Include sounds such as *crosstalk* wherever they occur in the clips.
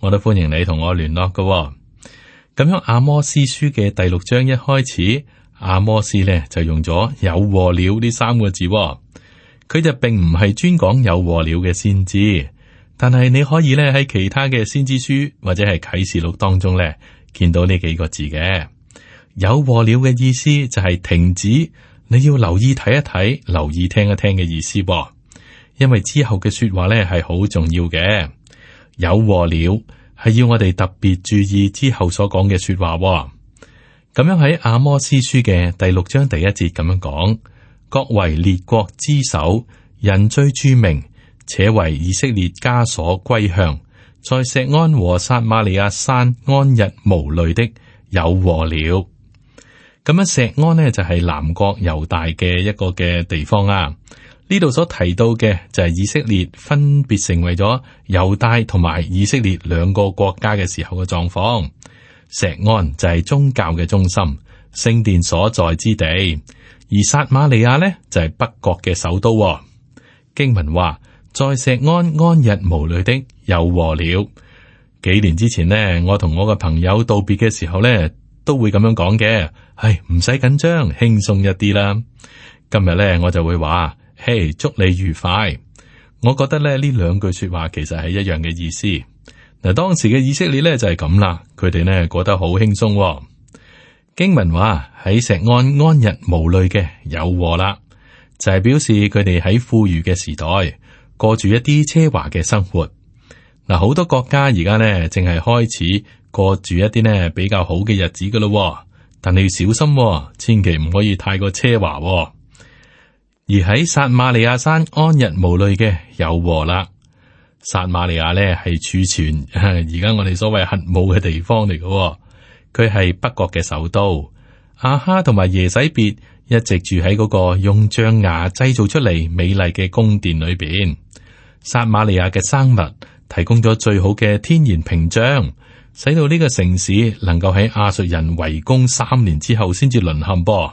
我都歡迎你同我聯絡嘅、哦，咁樣阿摩司書嘅第六章一開始，阿摩司呢就用咗有禍了呢三個字、哦，佢就並唔係專講有禍了嘅先知，但係你可以呢喺其他嘅先知書或者係啟示錄當中呢見到呢幾個字嘅。有禍了嘅意思就係停止，你要留意睇一睇，留意聽一聽嘅意思、哦，因為之後嘅說話呢係好重要嘅。有禍了，係要我哋特別注意之後所講嘅說話。咁樣喺阿摩司書嘅第六章第一節咁樣講：國為列國之首，人最著名，且為以色列家所歸向，在錫安和撒瑪利亞山安逸無慮的有禍了。咁樣錫安呢就係南國猶大嘅一個嘅地方啊。呢度所提到嘅就係以色列分別成為咗猶大同埋以色列兩個國家嘅時候嘅狀況。錫安就係宗教嘅中心、聖殿所在之地，而撒馬利亞呢，就係、是、北國嘅首都哦。經文話：在錫安安逸無慮的有禍了。幾年之前呢，我同我嘅朋友道別嘅時候呢，都會咁樣講嘅。唉，唔使緊張，輕鬆一啲啦。今日呢，我就會話。嘿，hey，祝你愉快！我覺得咧呢兩句說話其實係一樣嘅意思。嗱，當時嘅以色列咧就係咁啦，佢哋呢，過得好輕鬆、哦。經文話喺錫安安逸無慮嘅有禍啦，就係、是、表示佢哋喺富裕嘅時代過住一啲奢華嘅生活。嗱，好多國家而家呢，淨係開始過住一啲呢比較好嘅日子噶啦、哦，但你要小心、哦，千祈唔可以太過奢華、哦。而喺撒瑪利亞山安逸無慮嘅有禍啦。撒瑪利亞咧係儲存而家我哋所謂核武嘅地方嚟嘅，哦，佢係北國嘅首都。阿哈同埋耶洗別一直住喺嗰個用象牙製造出嚟美麗嘅宮殿裏邊。撒瑪利亞嘅生物提供咗最好嘅天然屏障，使到呢個城市能夠喺亞述人圍攻三年之後先至淪陷。噃。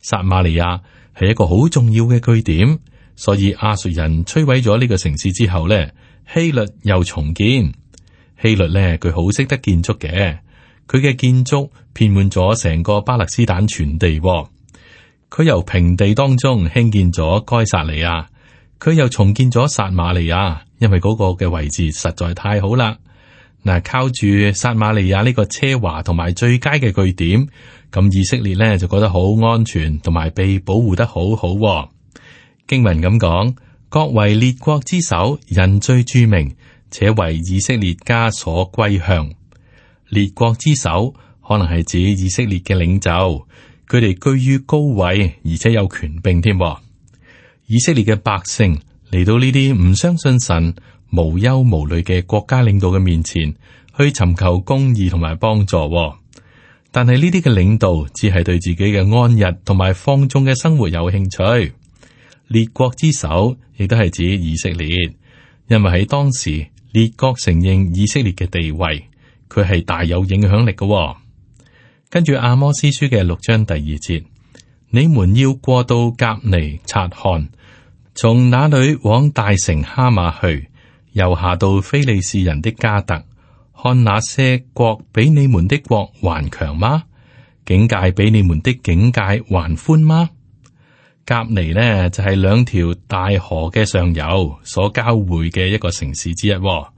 撒瑪利亞係一個好重要嘅據點，所以亞述人摧毀咗呢個城市之後呢，希律又重建。希律呢，佢好識得建築嘅，佢嘅建築遍滿咗成個巴勒斯坦全地。佢由平地當中興建咗該撒利亞，佢又重建咗撒馬利亞，因為嗰個嘅位置實在太好啦。嗱，靠住撒馬利亞呢個奢華同埋最佳嘅據點。咁以色列呢就覺得好安全同埋被保護得好好，哦。經文咁講，各為列國之首，人最著名，且為以色列家所歸向。列國之首可能係指以色列嘅領袖，佢哋居於高位，而且有權柄添，哦。以色列嘅百姓嚟到呢啲唔相信神，無憂無慮嘅國家領導嘅面前，去尋求公義同埋幫助，哦。但係呢啲嘅領導只係對自己嘅安逸同埋放縱嘅生活有興趣。列國之首亦都係指以色列，因為喺當時列國承認以色列嘅地位，佢係大有影響力噶、哦。跟住《阿摩司書》嘅六章第二節，你們要過到甲尼察看，從那裡往大城哈馬去，又下到非利士人的加特。看那些國比你們的國還強嗎？境界比你們的境界還寬嗎？甲尼呢就係兩條大河嘅上游所交匯嘅一個城市之一、哦。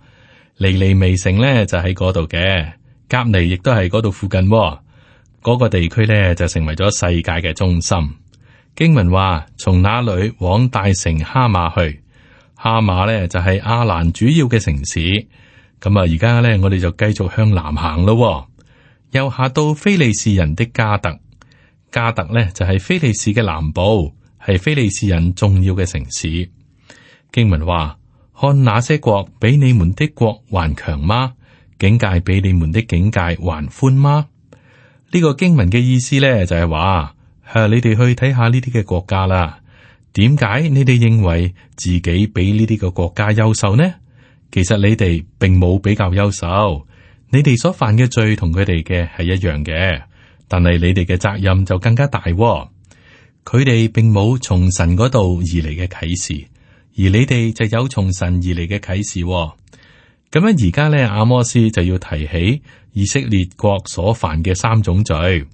尼尼微城呢就喺嗰度嘅，甲尼亦都係嗰度附近、哦。嗰、那個地區呢就成為咗世界嘅中心。經文話：從那裡往大城哈馬去，哈馬呢就係、是、亞蘭主要嘅城市。咁啊，而家咧，我哋就繼續向南行咯。又下到非利士人的加特，加特咧就係非利士嘅南部，係非利士人重要嘅城市。經文話：看那些國比你們的國還強嗎？境界比你們的境界還寬嗎？呢、這個經文嘅意思咧就係話，誒、啊，你哋去睇下呢啲嘅國家啦。點解你哋認為自己比呢啲嘅國家優秀呢？其實你哋並冇比較優秀，你哋所犯嘅罪同佢哋嘅係一樣嘅，但係你哋嘅責任就更加大喎。佢哋並冇從神嗰度而嚟嘅啟示，而你哋就有從神而嚟嘅啟示喎。咁樣而家咧，阿摩斯就要提起以色列國所犯嘅三種罪，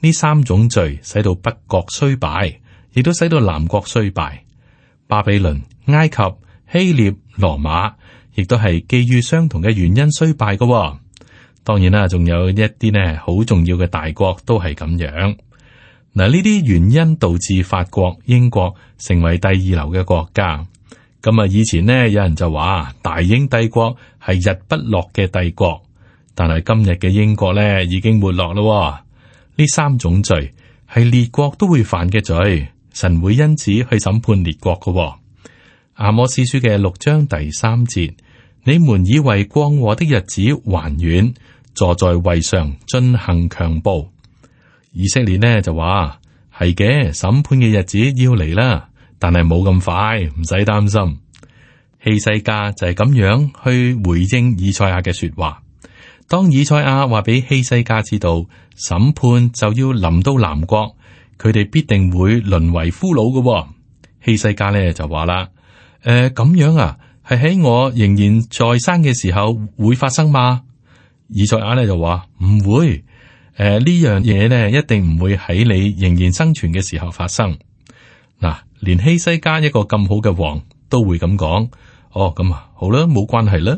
呢三種罪使到北國衰敗，亦都使到南國衰敗。巴比倫、埃及、希臘、羅馬。亦都係基於相同嘅原因衰敗嘅，哦，當然啦，仲有一啲呢，好重要嘅大國都係咁樣。嗱，呢啲原因導致法國、英國成為第二流嘅國家。咁啊，以前呢，有人就話大英帝國係日不落嘅帝國，但係今日嘅英國呢已經沒落咯。呢三種罪係列國都會犯嘅罪，神會因此去審判列國嘅，哦。阿摩司書嘅六章第三節。你們以為降禍的日子還遠，坐在位上進行強暴。以色列呢就話：係嘅，審判嘅日子要嚟啦，但係冇咁快，唔使擔心。希西家就係咁樣去回應以賽亞嘅說話。當以賽亞話俾希西家知道，審判就要臨到南國，佢哋必定會淪為俘虜嘅。希西家呢就話啦：誒、呃，咁樣啊？係喺我仍然在生嘅時候會發生嗎？以賽亞咧就話唔會，誒呢樣嘢咧一定唔會喺你仍然生存嘅時候發生。嗱、啊，連希西家一個咁好嘅王都會咁講，哦咁啊好啦，冇關係啦。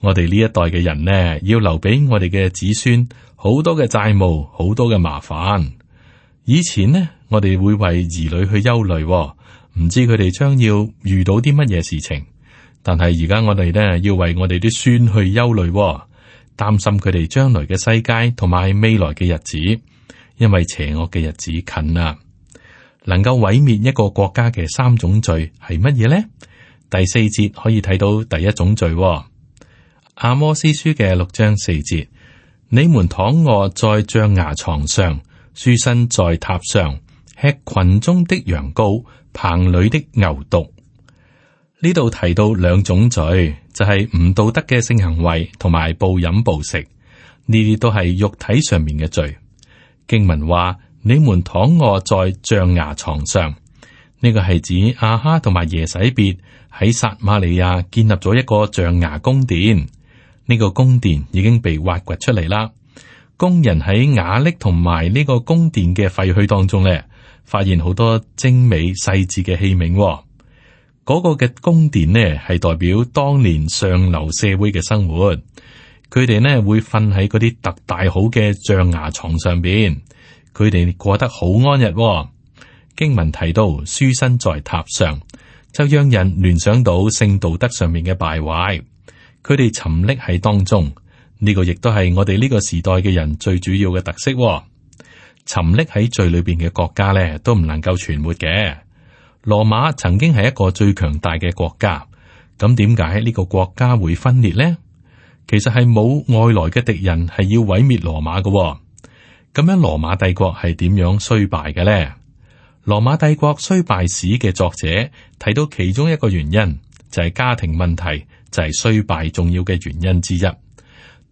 我哋呢一代嘅人呢，要留俾我哋嘅子孫好多嘅債務，好多嘅麻煩。以前呢，我哋會為兒女去憂慮、哦，唔知佢哋將要遇到啲乜嘢事情。但係而家我哋咧要為我哋啲孫去憂慮、哦，擔心佢哋將來嘅世界同埋未來嘅日子，因為邪惡嘅日子近啊，能夠毀滅一個國家嘅三種罪係乜嘢咧？第四節可以睇到第一種罪、哦，阿摩司書嘅六章四節：你們躺卧在象牙床上，舒身在榻上，吃群中的羊羔，棚裡的牛犢。呢度提到兩種罪，就係唔道德嘅性行為同埋暴飲暴食，呢啲都係肉體上面嘅罪。經文話：你們躺臥在象牙床上，呢個係指阿哈同埋耶洗別喺撒瑪利亞建立咗一個象牙宮殿。呢個宮殿已經被挖掘出嚟啦，工人喺瓦礫同埋呢個宮殿嘅廢墟當中咧，發現好多精美細緻嘅器皿。嗰個嘅宮殿呢，係代表當年上流社會嘅生活，佢哋呢，會瞓喺嗰啲特大好嘅象牙床上邊，佢哋過得好安逸、哦。經文提到舒身在榻上，就讓人聯想到性道德上面嘅敗壞。佢哋沉溺喺當中，呢、這個亦都係我哋呢個時代嘅人最主要嘅特色、哦。沉溺喺罪裏邊嘅國家咧，都唔能夠存活嘅。羅馬曾經係一個最強大嘅國家，咁點解呢個國家會分裂呢？其實係冇外來嘅敵人係要毀滅羅馬嘅、哦，咁樣羅馬帝國係點樣衰敗嘅呢？羅馬帝國衰敗史嘅作者睇到其中一個原因就係、是、家庭問題，就係、是、衰敗重要嘅原因之一。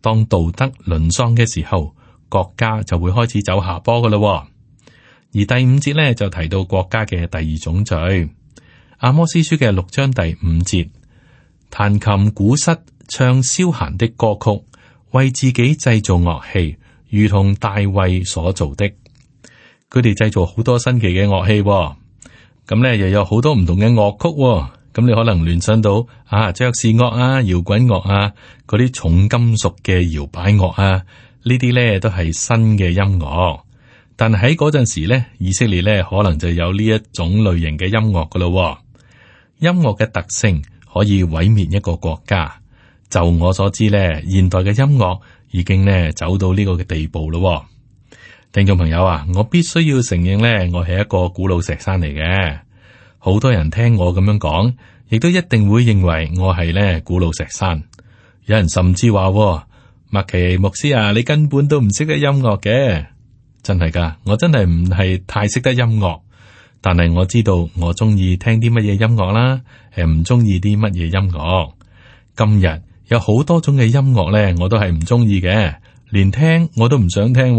當道德淪喪嘅時候，國家就會開始走下坡噶啦。而第五節咧就提到國家嘅第二種罪，《阿摩司書》嘅六章第五節，彈琴、鼓瑟、唱消閒的歌曲，為自己製造樂器，如同大衛所造的。佢哋製造好多新奇嘅樂器、哦，咁、嗯、咧又有好多唔同嘅樂曲、哦。咁、嗯、你可能聯想到啊爵士樂啊、搖滾樂啊、嗰啲重金屬嘅搖擺樂啊，呢啲咧都係新嘅音樂。但喺嗰陣時咧，以色列咧可能就有呢一種類型嘅音樂噶咯。音樂嘅特性可以毀滅一個國家。就我所知咧，現代嘅音樂已經咧走到呢個嘅地步咯。聽眾朋友啊，我必須要承認咧，我係一個古老石山嚟嘅。好多人聽我咁樣講，亦都一定會認為我係咧古老石山。有人甚至話：「麥奇牧師啊，你根本都唔識得音樂嘅。」真係噶，我真係唔係太識得音樂，但係我知道我中意聽啲乜嘢音樂啦，誒唔中意啲乜嘢音樂。今日有好多種嘅音樂呢，我都係唔中意嘅，連聽我都唔想聽。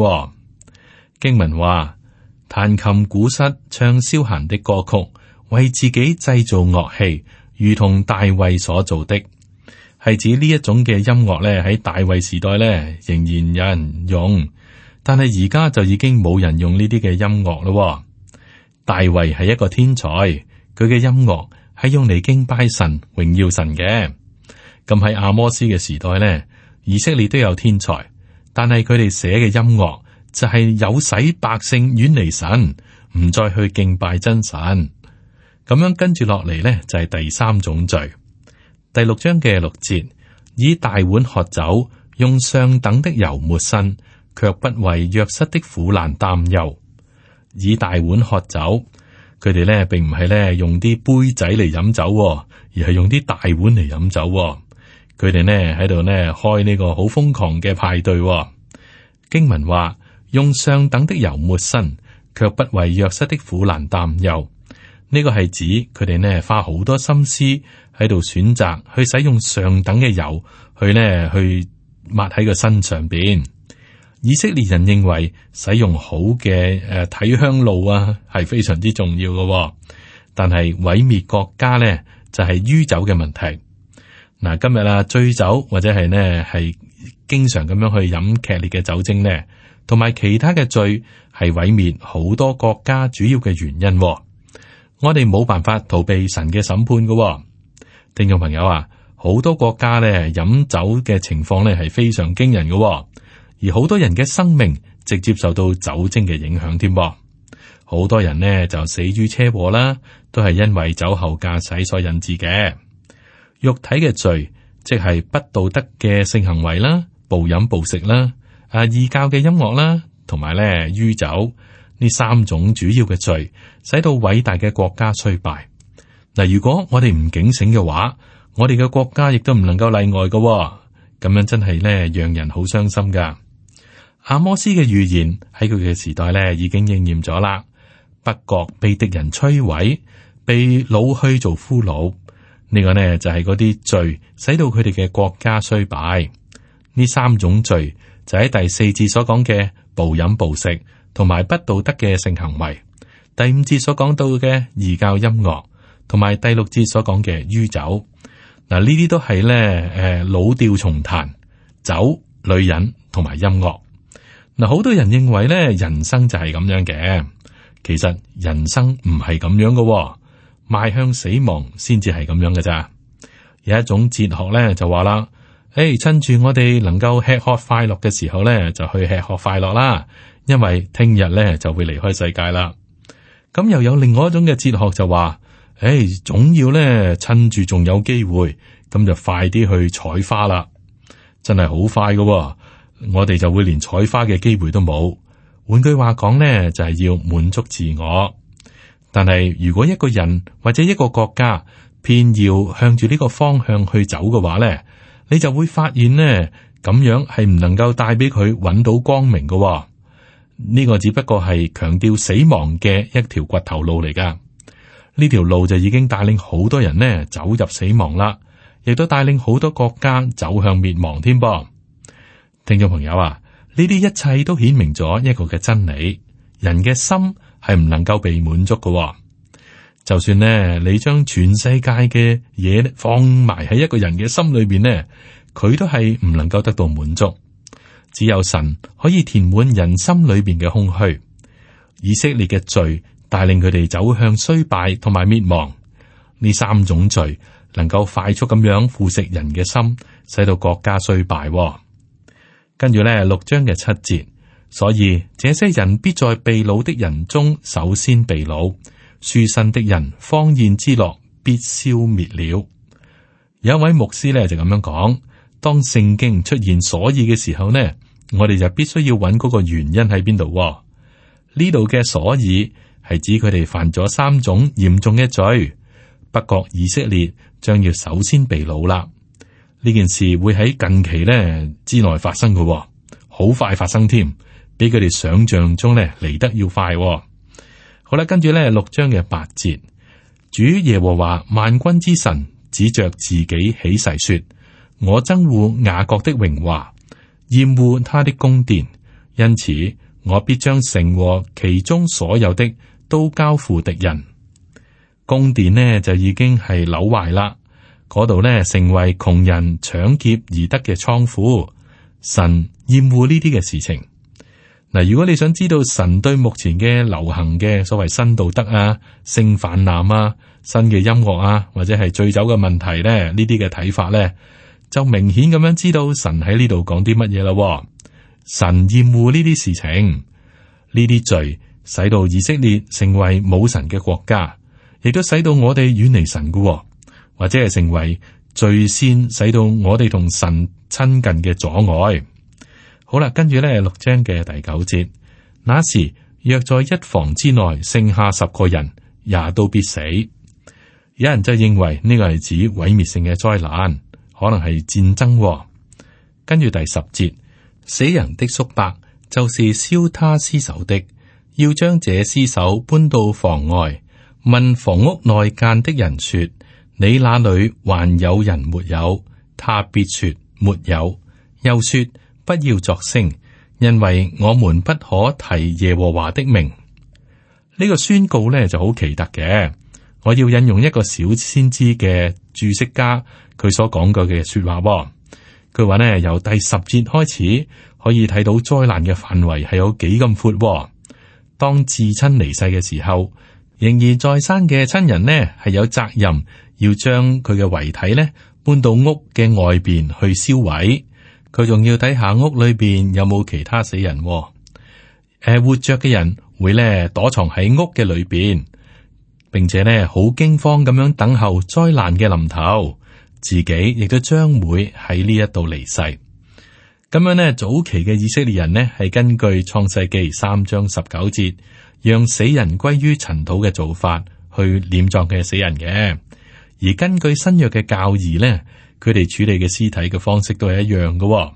經文話，彈琴、鼓瑟、唱消閒的歌曲，為自己製造樂器，如同大衛所做的，係指呢一種嘅音樂呢，喺大衛時代呢，仍然有人用。但係而家就已經冇人用呢啲嘅音樂咯。大衛係一個天才，佢嘅音樂係用嚟敬拜神、榮耀神嘅。咁喺阿摩司嘅時代呢，以色列都有天才，但係佢哋寫嘅音樂就係有使百姓遠離神，唔再去敬拜真神。咁樣跟住落嚟呢，就係第三種罪。第六章嘅六節，以大碗喝酒，用上等的油抹身。卻不為約瑟的苦難擔憂，以大碗喝酒。佢哋咧並唔係咧用啲杯仔嚟飲酒，而係用啲大碗嚟飲酒。佢哋呢喺度呢開呢個好瘋狂嘅派對。經文話用上等的油抹身，卻不為約瑟的苦難擔憂。呢個係指佢哋呢花好多心思喺度選擇去使用上等嘅油去呢去抹喺個身上邊。以色列人認為使用好嘅誒、呃、體香露啊，係非常之重要嘅、哦。但係毀滅國家呢就係、是、酗酒嘅問題。嗱、啊，今日啊醉酒或者係呢係經常咁樣去飲劇烈嘅酒精呢，同埋其他嘅罪係毀滅好多國家主要嘅原因、哦。我哋冇辦法逃避神嘅審判嘅、哦。聽眾朋友啊，好多國家呢飲酒嘅情況呢係非常驚人嘅、哦。而好多人嘅生命直接受到酒精嘅影響添，好多人呢就死於車禍啦，都係因為酒後駕駛所引致嘅。肉體嘅罪，即係不道德嘅性行為啦、暴飲暴食啦、啊異教嘅音樂啦，同埋咧酗酒呢三種主要嘅罪，使到偉大嘅國家衰敗。嗱，如果我哋唔警醒嘅話，我哋嘅國家亦都唔能夠例外嘅。咁樣真係咧，讓人好傷心噶。阿摩司嘅預言喺佢嘅時代咧，已經應驗咗啦。北國被敵人摧毀，被老去做俘虜，呢、這個呢就係嗰啲罪，使到佢哋嘅國家衰敗。呢三種罪就喺第四節所講嘅暴飲暴食，同埋不道德嘅性行為。第五節所講到嘅異教音樂，同埋第六節所講嘅酗酒，嗱呢啲都係咧，誒老調重彈，酒、女人同埋音樂。嗱，好多人認為咧，人生就係咁樣嘅，其實人生唔係咁樣噶，邁向死亡先至係咁樣噶咋。有一種哲學咧就話啦，誒、欸，趁住我哋能夠吃喝快樂嘅時候咧，就去吃喝快樂啦，因為聽日咧就會離開世界啦。咁又有另外一種嘅哲學就話，誒、欸，總要咧趁住仲有機會，咁就快啲去採花啦，真係好快噶。我哋就會連採花嘅機會都冇。換句話講呢，就係、是、要滿足自我。但係如果一個人或者一個國家偏要向住呢個方向去走嘅話呢，你就會發現呢，咁樣係唔能夠帶俾佢搵到光明嘅、哦。呢、呢個只不過係強調死亡嘅一條骨頭路嚟噶。呢條路就已經帶領好多人呢走入死亡啦，亦都帶領好多國家走向滅亡添噃。聽眾朋友啊，呢啲一切都顯明咗一個嘅真理，人嘅心係唔能夠被滿足嘅，哦。就算呢，你將全世界嘅嘢，放埋喺一個人嘅心裏邊呢，佢都係唔能夠得到滿足。只有神可以填滿人心裏邊嘅空虛。以色列嘅罪帶領佢哋走向衰敗同埋滅亡，呢三種罪能夠快速咁樣腐蝕人嘅心，使到國家衰敗，哦。跟住呢，六章嘅七節，所以這些人必在被擄的人中首先被擄，舒身的人荒宴之樂必消滅了。有一位牧師呢，就咁樣講：當聖經出現所以嘅時候呢，我哋就必須要揾嗰個原因喺邊度。呢度嘅所以係指佢哋犯咗三種嚴重嘅罪，不過以色列將要首先被擄啦。呢件事會喺近期呢之內發生嘅，哦，好快發生添，比佢哋想象中呢嚟得要快，哦。好啦，跟住呢六章嘅八節，主耶和華萬軍之神指着自己起誓說：我憎惡雅各的榮華，厭惡他的宮殿，因此我必將城和其中所有的都交付敵人。宮殿呢，就已經係扭壞啦。嗰度呢，成為窮人搶劫而得嘅倉庫，神厭惡呢啲嘅事情。嗱，如果你想知道神對目前嘅流行嘅所謂新道德啊、性泛濫啊、新嘅音樂啊，或者係醉酒嘅問題呢，呢啲嘅睇法呢，就明顯咁樣知道神喺呢度講啲乜嘢啦。神厭惡呢啲事情，呢啲罪使到以色列成為冇神嘅國家，亦都使到我哋遠離神嘅、哦。或者係成為最先使到我哋同神親近嘅阻礙。好啦，跟住呢六章嘅第九節，那時若在一房之內，剩下十個人，也都必死。有人就認為呢、這個係指毀滅性嘅災難，可能係戰爭、哦。跟住第十節，死人的叔伯就是燒他屍首的，要將這屍首搬到房外，問房屋內間的人說。你那裏還有人沒有？他別說沒有，又說不要作聲，因為我們不可提耶和華的名。呢個宣告咧就好奇特嘅。我要引用一個小先知嘅注釋家佢所講過嘅說話喎。佢話呢，由第十節開始，可以睇到災難嘅範圍係有幾咁闊。當至親離世嘅時候。仍然在生嘅親人呢，係有責任要將佢嘅遺體呢搬到屋嘅外邊去銷毀。佢仲要睇下屋裏邊有冇其他死人，哦。誒、呃，活着嘅人會呢躲藏喺屋嘅裏邊，並且呢好驚慌咁樣等候災難嘅臨頭，自己亦都將會喺呢一度離世。咁樣呢，早期嘅以色列人呢係根據創世記三章十九節。讓死人歸於塵土嘅做法去殮葬佢嘅死人嘅，而根據新約嘅教義咧，佢哋處理嘅屍體嘅方式都係一樣嘅。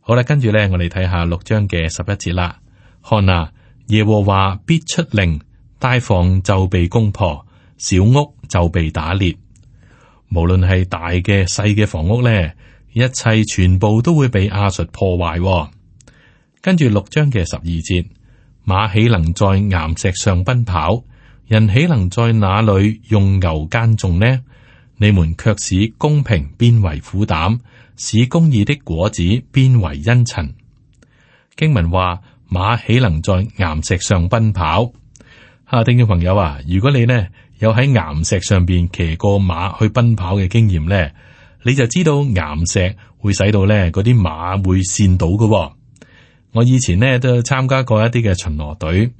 好啦，跟住咧，我哋睇下六章嘅十一節啦。看啊，耶和華必出令，大房就被攻破，小屋就被打裂。無論係大嘅、細嘅房屋咧，一切全部都會被亞述破壞。跟住六章嘅十二節。馬豈能在岩石上奔跑？人豈能在那裏用牛耕種呢？你們卻使公平變為苦膽，使公義的果子變為茵蔯。經文話：馬豈能在岩石上奔跑？哈、啊，聽嘅朋友啊，如果你呢有喺岩石上邊騎過馬去奔跑嘅經驗呢，你就知道岩石會使到呢嗰啲馬會跣到噶。我以前咧都參加過一啲嘅巡邏隊，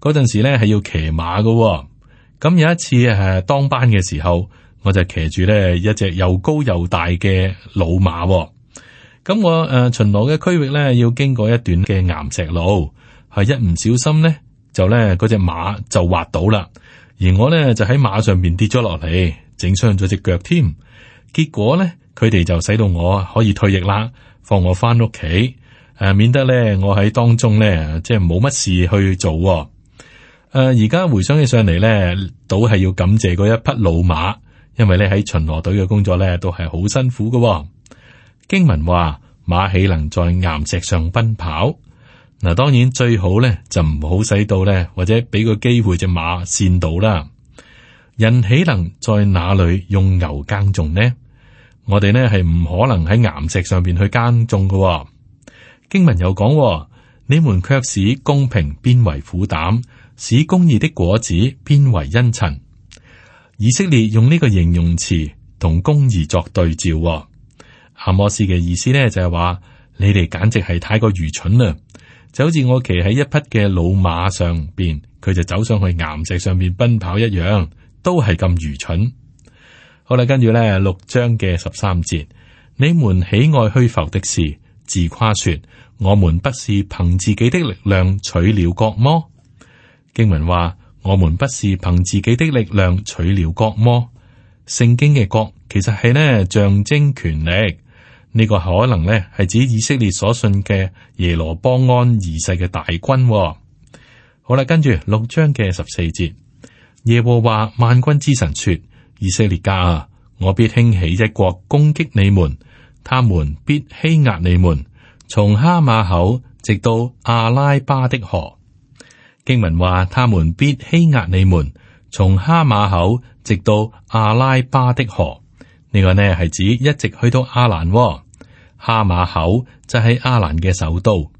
嗰陣時咧係要騎馬噶、哦，咁有一次誒當班嘅時候，我就騎住咧一隻又高又大嘅老馬、哦，咁我誒、呃、巡邏嘅區域咧要經過一段嘅岩石路，係一唔小心咧就咧嗰隻馬就滑倒啦，而我咧就喺馬上邊跌咗落嚟，整傷咗隻腳添，結果咧佢哋就使到我可以退役啦，放我翻屋企。誒、啊，免得咧，我喺當中咧，即係冇乜事去做、哦。誒、啊，而家回想起上嚟咧，倒係要感謝嗰一匹老馬，因為咧喺巡邏隊嘅工作咧，都係好辛苦噶、哦。經文話馬豈能在岩石上奔跑？嗱、啊，當然最好咧就唔好使到咧，或者俾個機會隻馬善到啦。人豈能在那裏用牛耕種呢？我哋呢係唔可能喺岩石上邊去耕種噶、哦。經文又講，你們卻使公平變為苦膽，使公義的果子變為恩塵。以色列用呢個形容詞同公義作對照。阿摩司嘅意思呢，就係話，你哋簡直係太過愚蠢啦，就好似我騎喺一匹嘅老馬上邊，佢就走上去岩石上面奔跑一樣，都係咁愚蠢。好啦，跟住呢六章嘅十三節，你們喜愛虛浮的事。自誇說：我們不是憑自己的力量取了國麼？經文話：我們不是憑自己的力量取了國麼？聖經嘅國其實係呢象徵權力，呢個可能呢係指以色列所信嘅耶羅波安二世嘅大軍。好啦，跟住六章嘅十四節，耶和華萬軍之神說：以色列家啊，我必興起一國攻擊你們。他們必欺壓你們，從哈馬口直到阿拉巴的河。經文話：他們必欺壓你們，從哈馬口直到阿拉巴的河。呢、這個呢係指一直去到阿蘭窩、哦。哈馬口就喺阿蘭嘅首都。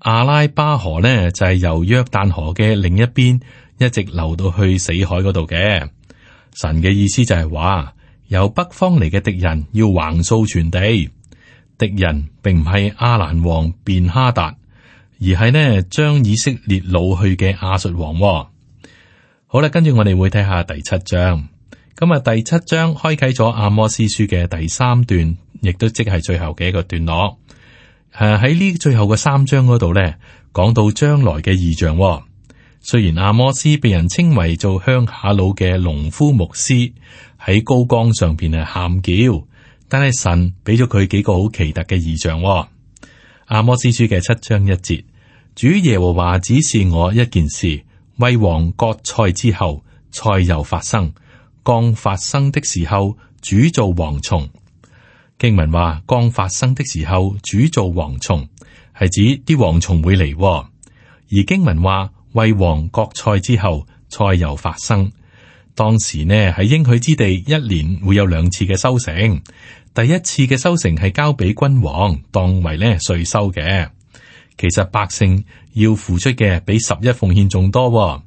阿拉巴河呢就係、是、由約旦河嘅另一邊一直流到去死海嗰度嘅。神嘅意思就係話。由北方嚟嘅敵人要橫掃全地，敵人並唔係阿蘭王便哈達，而係咧將以色列老去嘅亞述王。哦。好啦，跟住我哋會睇下第七章。咁啊，第七章開啟咗阿摩斯書嘅第三段，亦都即係最後嘅一個段落。誒、啊，喺呢最後嘅三章嗰度呢，講到將來嘅異象。哦。雖然阿摩斯被人稱為做鄉下佬嘅農夫牧師。喺高光上邊係喊叫，但係神俾咗佢幾個好奇特嘅異象、哦。阿摩司書嘅七章一節，主耶和華指示我一件事：為王割菜之後，菜又發生。剛發生的時候，主做蝗蟲。經文話剛發生的時候，主做蝗蟲，係指啲蝗蟲會嚟、哦。而經文話為王割菜之後，菜又發生。當時呢，喺應許之地，一年會有兩次嘅收成。第一次嘅收成係交俾君王，當為呢稅收嘅。其實百姓要付出嘅比十一奉獻仲多、哦。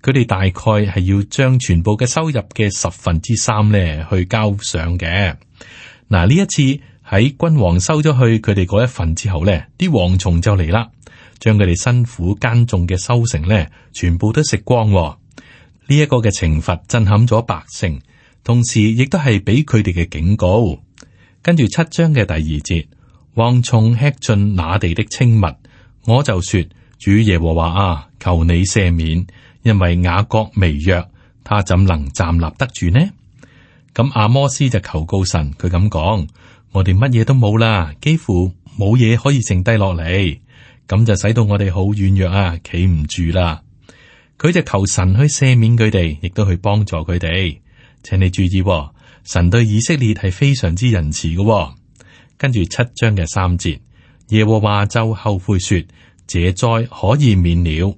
佢哋大概係要將全部嘅收入嘅十分之三呢，去交上嘅。嗱，呢一次喺君王收咗去佢哋嗰一份之後呢，啲蝗蟲就嚟啦，將佢哋辛苦耕種嘅收成呢，全部都食光、哦。呢一個嘅懲罰震撼咗百姓，同時亦都係俾佢哋嘅警告。跟住七章嘅第二節， *noise* 蝗蟲吃盡那地的青物，我就說主耶和華啊，求你赦免，因為雅各微弱，他怎能站立得住呢？咁阿、啊、摩斯就求告神，佢咁講：我哋乜嘢都冇啦，幾乎冇嘢可以剩低落嚟，咁就使到我哋好軟弱啊，企唔住啦。佢就求神去赦免佢哋，亦都去幫助佢哋。請你注意、哦，神對以色列係非常之仁慈嘅、哦。跟住七章嘅三節，耶 *noise* 和華就後悔說：這災可以免了。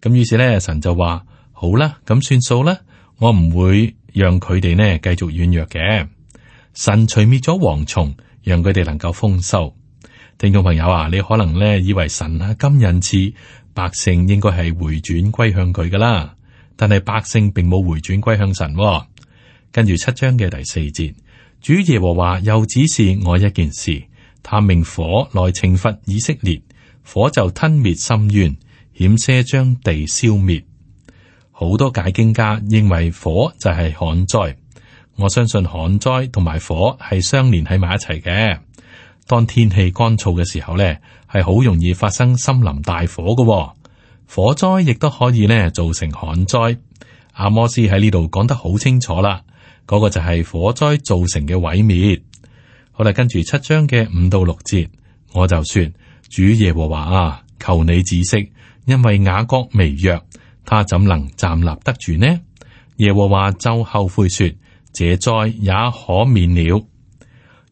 咁於是咧，神就話：好啦，咁算數啦，我唔會讓佢哋呢繼續軟弱嘅。神除滅咗蝗蟲，讓佢哋能夠豐收。聽眾朋友啊，你可能呢以為神啊，咁仁慈。百姓應該係回轉歸向佢噶啦，但係百姓並冇回轉歸向神、哦。跟住七章嘅第四節，主耶和華又指示我一件事：他命火來懲罰以色列，火就吞滅深淵，險些將地消滅。好多解經家認為火就係旱災，我相信旱災同埋火係相連喺埋一齊嘅。當天氣乾燥嘅時候咧，係好容易發生森林大火嘅、哦。火災亦都可以咧造成旱災。阿摩斯喺呢度講得好清楚啦，嗰個就係火災造成嘅毀滅。好啦，跟住七章嘅五到六節，我就說，主耶和華啊，求你止息，因為雅各微弱，他怎能站立得住呢？耶和華就後悔說，這災也可免了。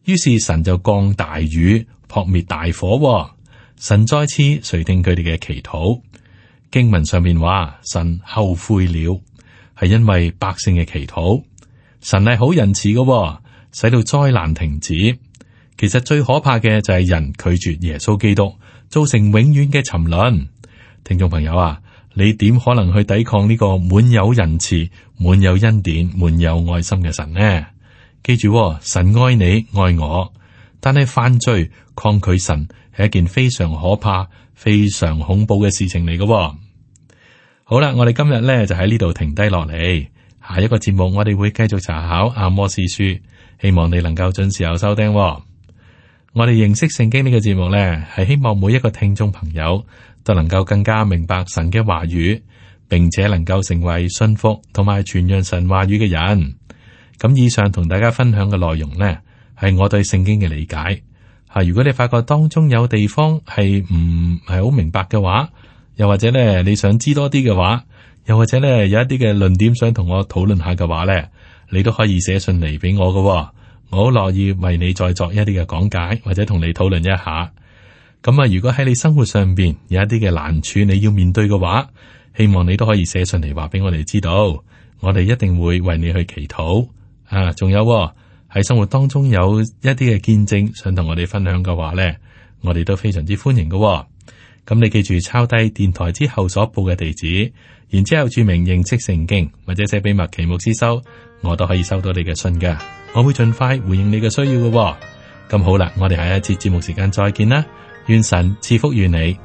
於是神就降大雨撲滅大火、哦，神再次垂聽佢哋嘅祈禱。經文上面話神後悔了，係因為百姓嘅祈禱。神係好仁慈嘅、哦，使到災難停止。其實最可怕嘅就係人拒絕耶穌基督，造成永遠嘅沉淪。聽眾朋友啊，你點可能去抵抗呢個滿有仁慈、滿有恩典、滿有愛心嘅神呢？記住喎，神愛你愛我，但係犯罪抗拒神係一件非常可怕、非常恐怖嘅事情嚟嘅喎。好啦，我哋今日咧就喺呢度停低落嚟。下一個節目我哋會繼續查考阿摩司書，希望你能夠準時收聽喎。我哋認識聖經呢個節目呢，係希望每一個聽眾朋友都能夠更加明白神嘅話語，並且能夠成為信服同埋傳揚神話語嘅人。咁以上同大家分享嘅內容咧，係我對聖經嘅理解吓。如果你發覺當中有地方係唔係好明白嘅話，又或者咧你想知多啲嘅話，又或者咧有一啲嘅論點想同我討論下嘅話咧，你都可以寫信嚟俾我噶喎，我好樂意為你再作一啲嘅講解，或者同你討論一下。咁啊，如果喺你生活上邊有一啲嘅難處你要面對嘅話，希望你都可以寫信嚟話俾我哋知道，我哋一定會為你去祈禱。啊，仲有喺、哦、生活當中有一啲嘅見證，想同我哋分享嘅話咧，我哋都非常之歡迎嘅、哦。咁你記住抄低電台之後所報嘅地址，然之後注明認識聖經，或者寫俾麥奇牧師收，我都可以收到你嘅信噶。我會盡快回應你嘅需要嘅、哦。咁好啦，我哋下一次節目時間再見啦。願神賜福於你。